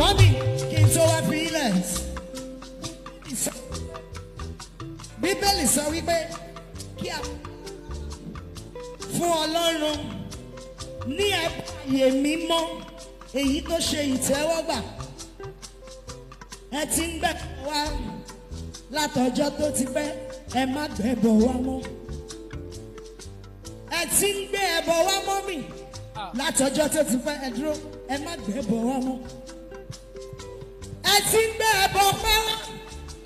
mọ́mí kí n tó wá fi ilẹ̀ bíbélì sọ wípé kí a fún ọlọ́run ní ààyè mímọ́ èyí tó ṣe ìtẹ́wọ́gbà ẹ ti ń gbẹ wá látọjọ́ tó ti pẹ́ ẹ má gbẹbọ wá mọ́ ẹ ti ń gbé ẹbọ wá mọ́ mi ah. látọjọ́ tó ti pẹ́ ẹ dúró ẹ má gbẹbọ wá mọ́ ẹ ti ń gbé ẹbọ pẹ́rẹ́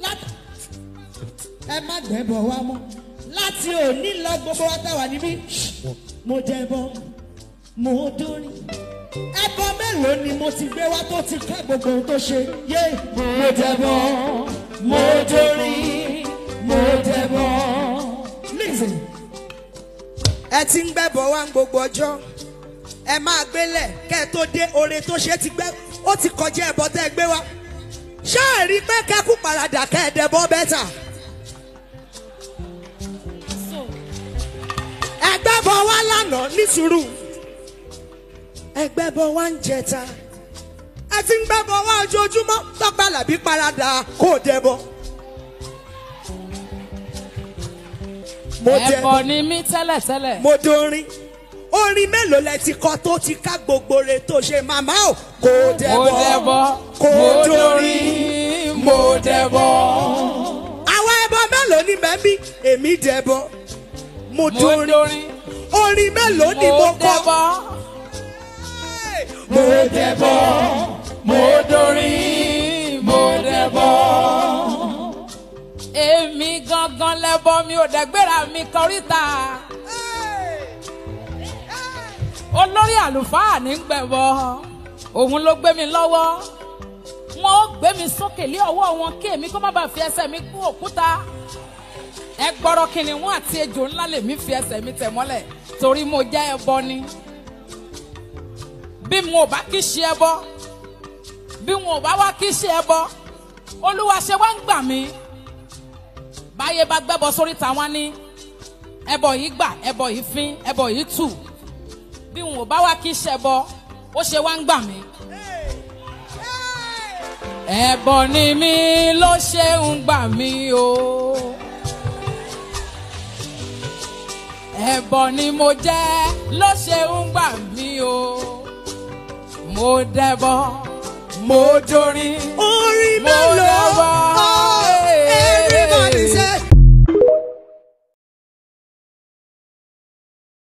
láti ẹ má gbẹ́bọ̀ wá mọ́ láti òní lọ gbogbo wa táwa níbí mo jẹbọ mo dórí ẹbọ mélòó ni mo ti gbé wá tó ti ká gbogbo tó ṣe yé mo jẹbọ mo dórí mo jẹbọ. listen ẹ ti ń gbẹ́bọ wá gbogbo ọjọ́ ẹ máa gbélẹ̀ kẹ́ ẹ tó dé oore tó ṣe ti gbẹ́ ó ti kọjá ẹbọ tẹ́ ẹ gbé wá ṣé ẹ rí pé kẹ́kù paradà kẹ́ẹ̀dẹ̀ bọ́ bẹ́tà. ẹgbẹ́ bọ̀ wá lánàá ní sùúrù ẹgbẹ́ bọ̀ wá ń jẹta ẹ ti ń gbẹ́ bọ̀ wá ojoojúmọ́ tọ́pẹ́ paradà kò dẹ̀ bọ̀. mo dẹ̀ ẹ̀bọ̀ ni mí tẹ́lẹ̀tẹ́lẹ̀. mo dorin orin mélòó lẹ ti kọ tó ti ká gbogbo re tó ṣe màmá o. kò dẹbọ kò dórí mo dẹbọ. àwọn ẹbọ mélòó ni mẹ́mí èmi dẹbọ mo dórí orin mélòó ni mo kọ. mo dẹbọ mo dórí mo dẹbọ. èmi gangan lẹbọ mi ò dẹgbẹ́ra mi kọríta olórí àlùfáà ní gbẹ̀bọ òun ló gbé mi lọ́wọ́ wọn ó gbé mi sókè lé ọwọ́ wọn kí èmi kó má bàa fi ẹsẹ̀ mi kú òkúta ẹ gbọ́rọ̀ kìnìún àti ejò ńlá lèmi fi ẹsẹ̀ mi tẹ̀ mọ́lẹ̀ torí mo jẹ́ ẹbọ ni bí mo bá kí ṣe ẹbọ bí wọn ò bá wá kí ṣe ẹbọ olúwa ṣe wá ń gbà mí báyé bá gbẹ́bọ sórí tàwọn ní ẹbọ yìí gbà ẹbọ yìí fín ẹbọ yìí tù bí n ò bá wá kí ṣẹbọ ó ṣe wá ń gbà mí. ẹbọ ni mí ló ṣe ń gbà mí o. ẹbọ ni mo jẹ́ ló ṣe ń gbà mí o. mo dẹbọ mo dorin orin mélòó. mo